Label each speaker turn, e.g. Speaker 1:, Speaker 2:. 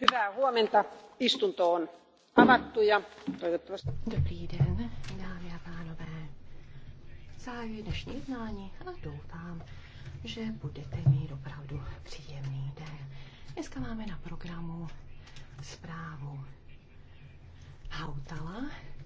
Speaker 1: hyvää huomenta istunto on avattu ja toivottavasti. dobrý den dámy a pánové
Speaker 2: zahajuji dnešní jednání a doufám že budete mít opravdu příjemný den. Dneska máme na programu zprávu
Speaker 3: Hautala,